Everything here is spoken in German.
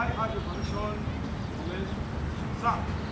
drei Arten von Schorn mit Sack.